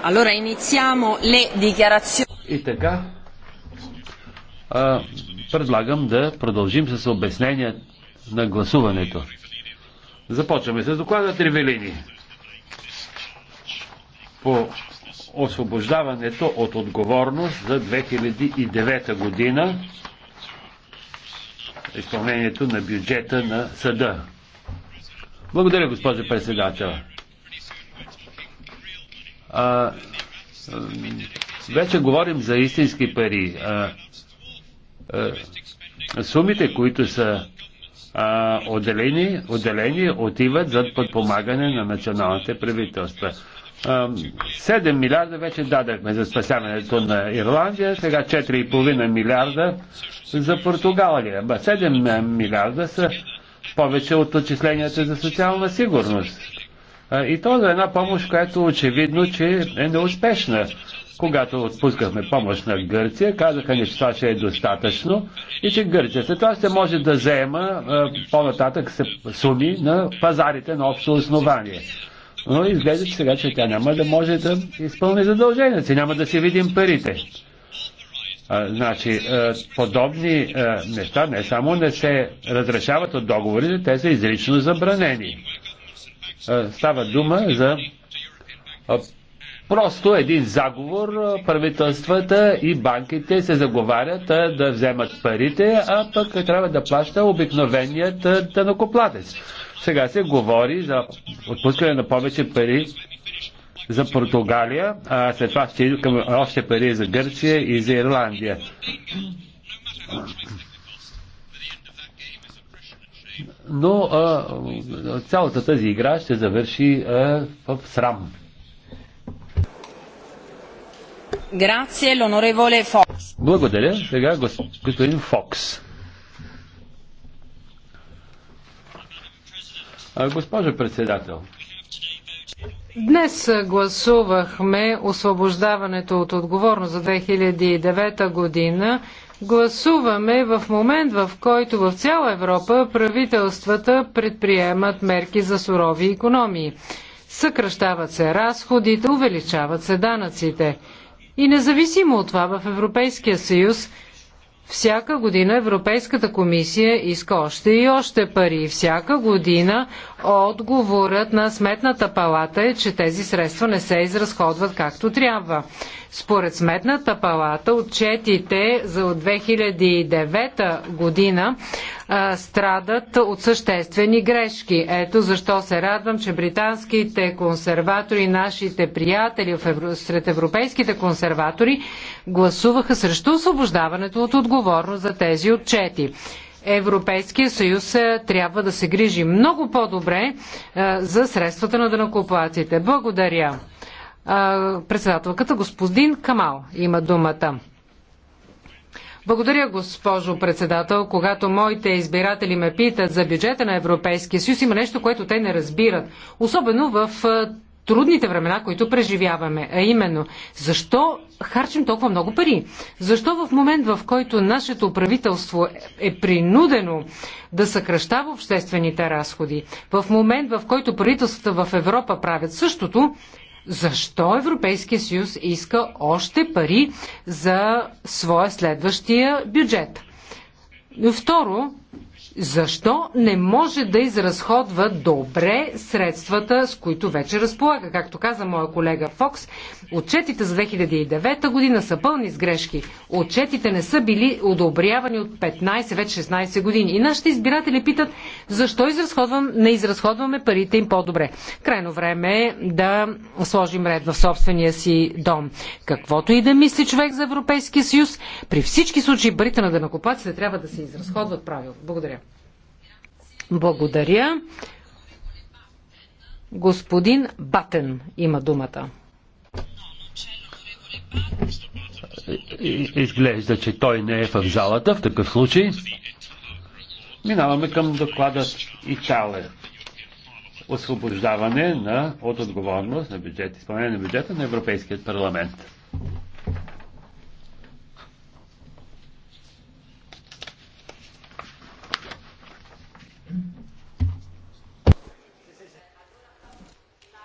Allora le dichiarazioni. И така, а, предлагам да продължим с обяснения на гласуването. Започваме с доклада Тривелини по освобождаването от отговорност за 2009 година изпълнението на бюджета на съда. Благодаря, госпожо председател а, вече говорим за истински пари. А, а, сумите, които са а, отделени, отделени, отиват за подпомагане на националните правителства. 7 милиарда вече дадахме за спасяването на Ирландия, сега 4,5 милиарда за Португалия. 7 милиарда са повече от отчисленията за социална сигурност. И то за една помощ, която очевидно, че е неуспешна. Когато отпускахме помощ на Гърция, казаха ни, че това ще е достатъчно и че Гърция след това ще може да заема по-нататък суми на пазарите на общо основание. Но изглежда, че сега, че тя няма да може да изпълни задълженията си, няма да си видим парите. А, значи, а, подобни а, неща не само не се разрешават от договорите, те са изрично забранени. Е, става дума за е, просто един заговор. Е, правителствата и банките се заговарят да вземат парите, а пък трябва да плаща обикновеният тънокоплатец. Сега се говори за отпускане на повече пари за Португалия, а след това ще идва към още пари за Гърция и за Ирландия но а, цялата тази игра ще завърши а, в срам. Благодаря. Сега господин Фокс. госпожа председател, Днес гласувахме освобождаването от отговорност за 2009 година Гласуваме в момент, в който в цяла Европа правителствата предприемат мерки за сурови економии. Съкръщават се разходите, увеличават се данъците. И независимо от това в Европейския съюз всяка година Европейската комисия иска още и още пари. Всяка година отговорът на Сметната палата е, че тези средства не се изразходват както трябва. Според Сметната палата, отчетите за 2009 година страдат от съществени грешки. Ето защо се радвам, че британските консерватори, нашите приятели сред европейските консерватори гласуваха срещу освобождаването от отговорност за тези отчети. Европейския съюз трябва да се грижи много по-добре за средствата на дънакоплаците. Благодаря. Председателката господин Камал има думата. Благодаря, госпожо председател. Когато моите избиратели ме питат за бюджета на Европейския съюз, има нещо, което те не разбират. Особено в трудните времена, които преживяваме, а именно защо харчим толкова много пари? Защо в момент, в който нашето правителство е принудено да съкръщава обществените разходи, в момент, в който правителствата в Европа правят същото, защо Европейския съюз иска още пари за своя следващия бюджет? Второ, защо не може да изразходва добре средствата, с които вече разполага? Както каза моя колега Фокс, отчетите за 2009 година са пълни с грешки. Отчетите не са били одобрявани от 15, вече 16 години. И нашите избиратели питат защо изразходвам, не изразходваме парите им по-добре. Крайно време е да сложим ред в собствения си дом. Каквото и да мисли човек за Европейския съюз, при всички случаи парите на дънакопаците трябва да се изразходват правилно. Благодаря. Благодаря. Господин Батен има думата. Изглежда, че той не е в залата в такъв случай. Минаваме към доклада Италия. Освобождаване на, от отговорност на бюджет, изпълнение на бюджета на Европейският парламент.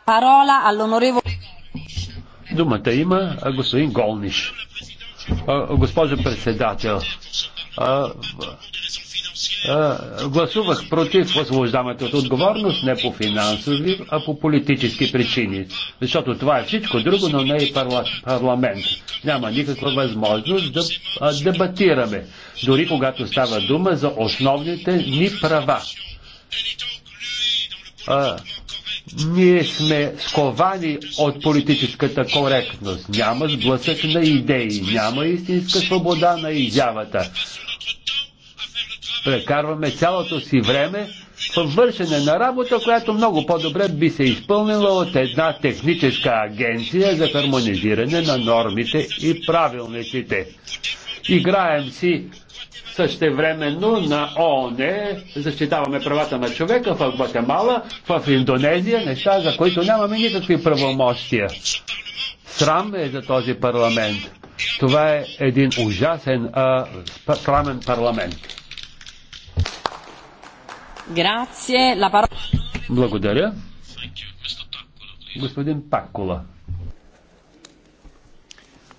Парола Думата има господин Голниш. Госпожа председател, гласувах против освобождаването от отговорност не по финансови, а по политически причини. Защото това е всичко друго, но не и парла, парламент. Няма никаква възможност да а, дебатираме, дори когато става дума за основните ни права. А, ние сме сковани от политическата коректност. Няма сблъсък на идеи, няма истинска свобода на изявата прекарваме цялото си време в вършене на работа, която много по-добре би се изпълнила от една техническа агенция за хармонизиране на нормите и правилниците. Играем си същевременно на ООН защитаваме правата на човека в Гватемала, в Индонезия, неща, за които нямаме никакви правомощия. Срам е за този парламент. Това е един ужасен а, срамен парламент. Грация, пара... Благодаря. Господин Таккула.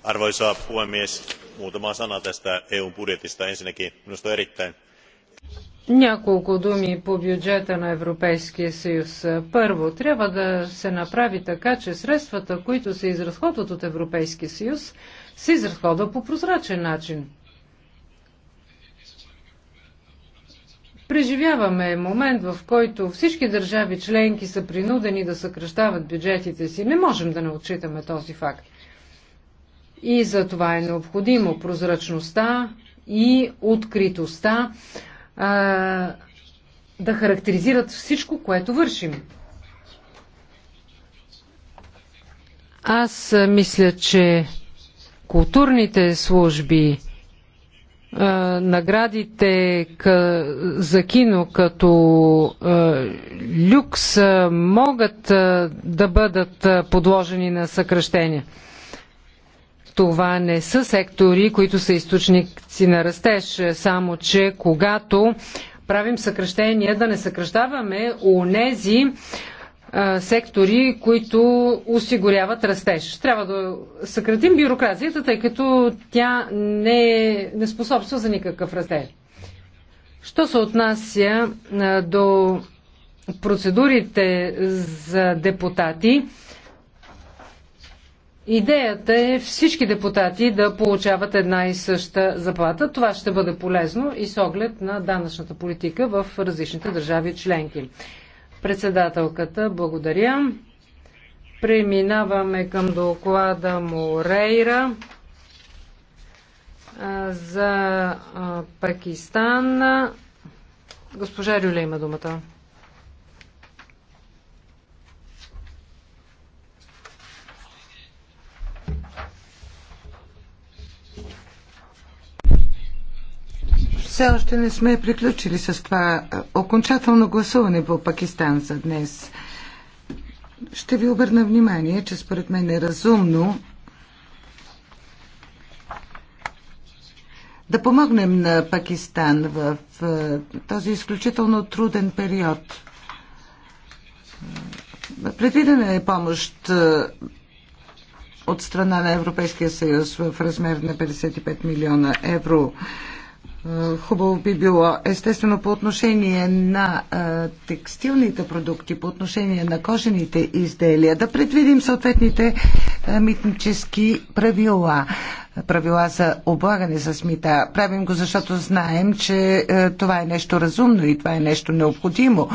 Arvoisa puhemies, muutama sana tästä EUn budjetista. Ensinnäkin minusta on erittäin няколко думи по бюджета на Европейския съюз. Първо, трябва да се направи така, че средствата, които се изразходват от Европейския съюз, се изразходват по прозрачен начин. Преживяваме момент, в който всички държави членки са принудени да съкръщават бюджетите си. Не можем да не отчитаме този факт. И за това е необходимо прозрачността и откритостта а, да характеризират всичко, което вършим. Аз мисля, че културните служби, наградите за кино като люкс могат да бъдат подложени на съкръщения. Това не са сектори, които са източници на растеж, само че когато правим съкръщения, да не съкръщаваме у нези, сектори, които осигуряват растеж. Трябва да съкратим бюрокрацията, тъй като тя не, не способства за никакъв растеж. Що се отнася до процедурите за депутати, идеята е всички депутати да получават една и съща заплата. Това ще бъде полезно и с оглед на данъчната политика в различните държави членки. Председателката, благодаря. Преминаваме към доклада Морейра за Пакистан. Госпожа Рюля има думата. все още не сме приключили с това окончателно гласуване по Пакистан за днес. Ще ви обърна внимание, че според мен е разумно да помогнем на Пакистан в този изключително труден период. Предвидена е помощ от страна на Европейския съюз в размер на 55 милиона евро. Е, хубаво би било. Естествено, по отношение на а, е, текстилните продукти, по отношение на кожените изделия, да предвидим съответните а, е, митнически правила правила за облагане с мита. Правим го, защото знаем, че е, това е нещо разумно и това е нещо необходимо.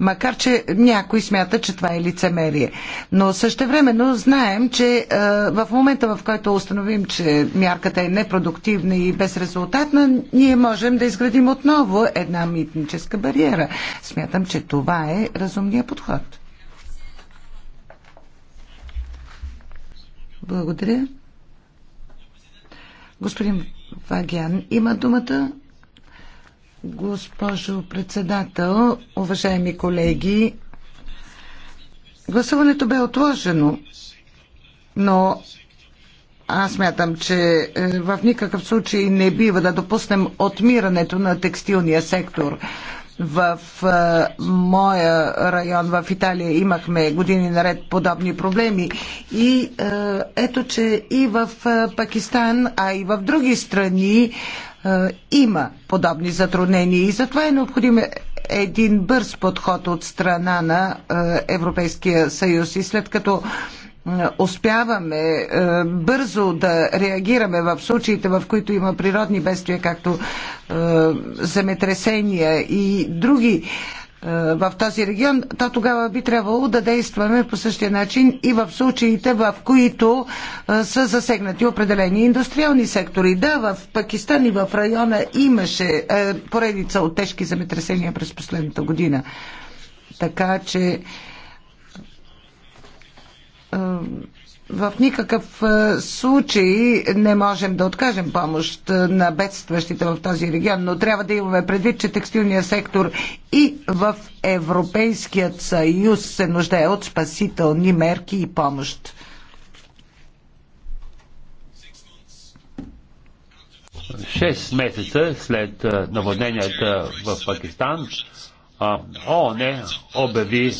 Макар, че някой смята, че това е лицемерие. Но същевременно знаем, че е, в момента, в който установим, че мярката е непродуктивна и безрезултатна, ние можем да изградим отново една митническа бариера. Смятам, че това е разумния подход. Благодаря. Господин Вагян има думата. Госпожо председател, уважаеми колеги, гласуването бе отложено, но аз мятам, че е, в никакъв случай не бива да допуснем отмирането на текстилния сектор в а, моя район в Италия имахме години наред подобни проблеми. И а, ето, че и в а, Пакистан, а и в други страни а, има подобни затруднения. И затова е необходим един бърз подход от страна на а, Европейския съюз. И след като а, успяваме е, бързо да реагираме в случаите, в които има природни бедствия, както е, земетресения и други е, в този регион, то тогава би трябвало да действаме по същия начин и в случаите, в които са засегнати определени индустриални сектори. Да, в Пакистан и в района имаше поредица от тежки земетресения през последната година. Така че в никакъв случай не можем да откажем помощ на бедстващите в този регион, но трябва да имаме предвид, че текстилният сектор и в Европейският съюз се нуждае от спасителни мерки и помощ. Шест месеца след наводненията в Пакистан ООН обяви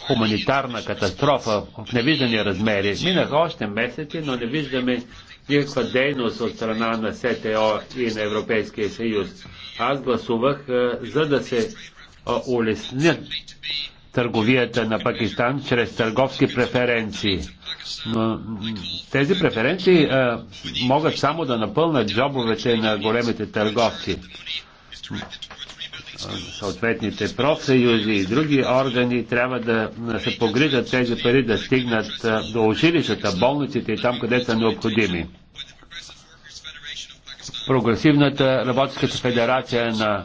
хуманитарна катастрофа в невиждани размери. Минаха още месеци, но не виждаме никаква дейност от страна на СТО и на Европейския съюз. Аз гласувах за да се улеснят търговията на Пакистан чрез търговски преференции. Но тези преференции а, могат само да напълнат джобовете на големите търговци съответните профсъюзи и други органи трябва да се погрижат тези пари да стигнат до училищата, болниците и там, къде са необходими. Прогресивната работническа федерация на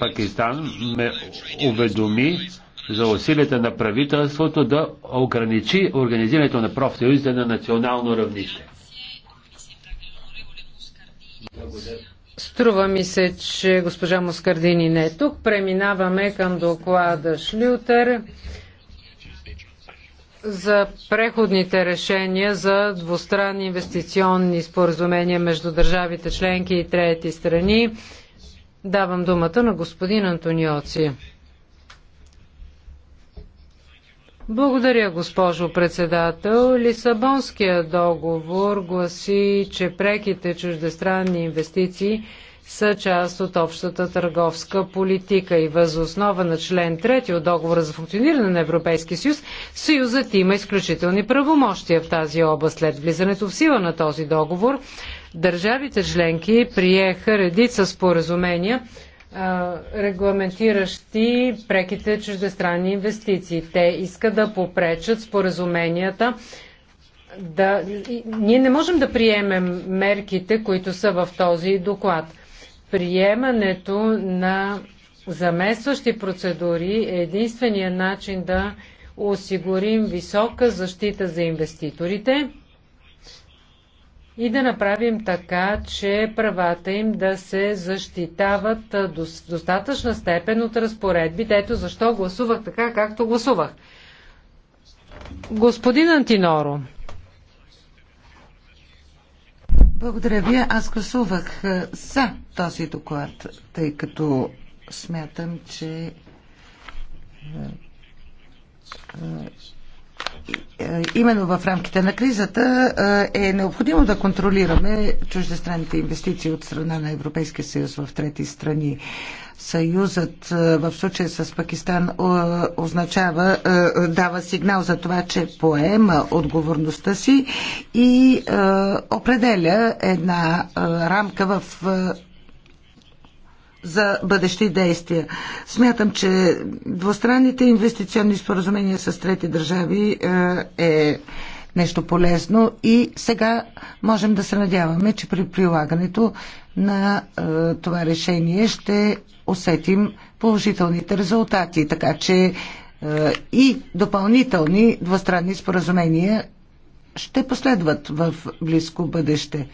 Пакистан ме уведоми за усилията на правителството да ограничи организирането на профсъюзите на национално равнище. Благодаря. Струва ми се, че госпожа Москардини не е тук. Преминаваме към доклада Шлютер за преходните решения за двустранни инвестиционни споразумения между държавите членки и трети страни. Давам думата на господин Антониоци. Благодаря, госпожо председател. Лисабонския договор гласи, че преките чуждестранни инвестиции са част от общата търговска политика и въз основа на член 3 от договора за функциониране на Европейския съюз, съюзът има изключителни правомощия в тази област. След влизането в сила на този договор, държавите членки приеха редица споразумения регламентиращи преките чуждестранни инвестиции. Те искат да попречат споразуменията. Да... Ние не можем да приемем мерките, които са в този доклад. Приемането на заместващи процедури е единствения начин да осигурим висока защита за инвеститорите и да направим така, че правата им да се защитават до достатъчна степен от разпоредбите. Ето защо гласувах така, както гласувах. Господин Антиноро. Благодаря ви. Аз гласувах за този доклад, тъй като смятам, че е, именно в рамките на кризата е, е необходимо да контролираме чуждестранните инвестиции от страна на Европейския съюз в трети страни. Съюзът е, в случая с Пакистан означава, дава сигнал за това, че поема отговорността си и определя една рамка в за бъдещи действия. Смятам, че двустранните инвестиционни споразумения с трети държави е, е нещо полезно и сега можем да се надяваме, че при прилагането на е, това решение ще усетим положителните резултати. Така че е, и допълнителни двустранни споразумения ще последват в близко бъдеще.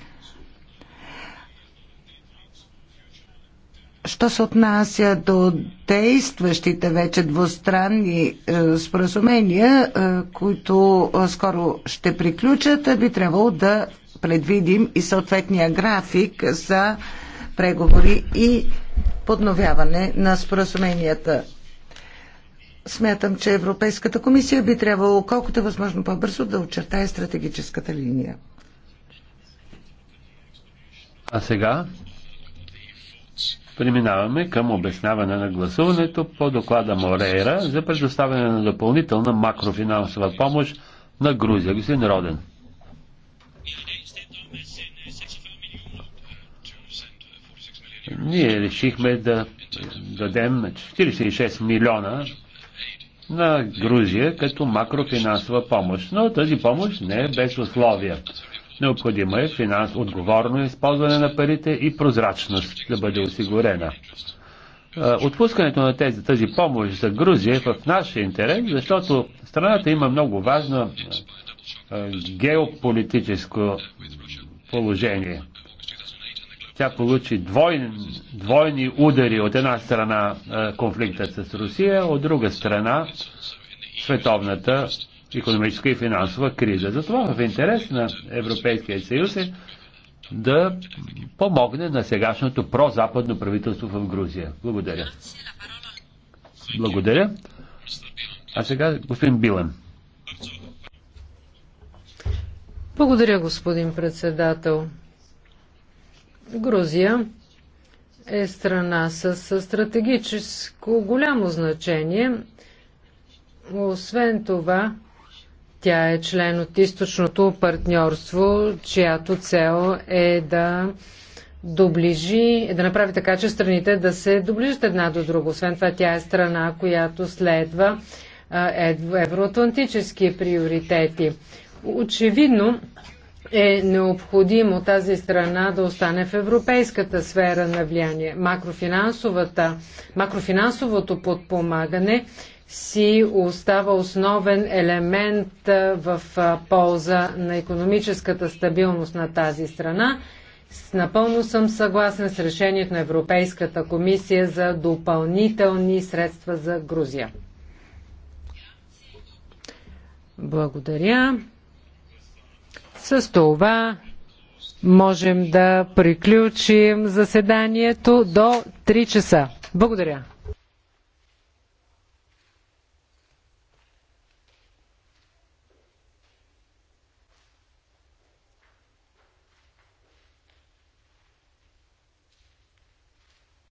Що се отнася до действащите вече двустранни е, споразумения, е, които е, скоро ще приключат, е, би трябвало да предвидим и съответния график за преговори и подновяване на споразуменията. Смятам, че Европейската комисия би трябвало колкото е възможно по-бързо да очертае стратегическата линия. А сега Преминаваме към обясняване на гласуването по доклада Морейра за предоставяне на допълнителна макрофинансова помощ на Грузия. Господин Роден. Ние решихме да дадем 46 милиона на Грузия като макрофинансова помощ, но тази помощ не е без условия. Необходимо е финанс, отговорно използване на парите и прозрачност да бъде осигурена. Отпускането на тези, тази помощ за Грузия е в наш интерес, защото страната има много важно геополитическо положение. Тя получи двойни, двойни удари от една страна конфликта с Русия, от друга страна световната економическа и финансова криза. Затова в интерес на Европейския съюз е да помогне на сегашното прозападно правителство в Грузия. Благодаря. Благодаря. А сега господин Билен. Благодаря, господин председател. Грузия е страна с стратегическо голямо значение. Освен това, тя е член от източното партньорство, чиято цел е да доближи, да направи така, че страните да се доближат една до друга. Освен това, тя е страна, която следва евроатлантически приоритети. Очевидно е необходимо тази страна да остане в европейската сфера на влияние. Макрофинансовото подпомагане си остава основен елемент в полза на економическата стабилност на тази страна. Напълно съм съгласен с решението на Европейската комисия за допълнителни средства за Грузия. Благодаря. С това можем да приключим заседанието до 3 часа. Благодаря.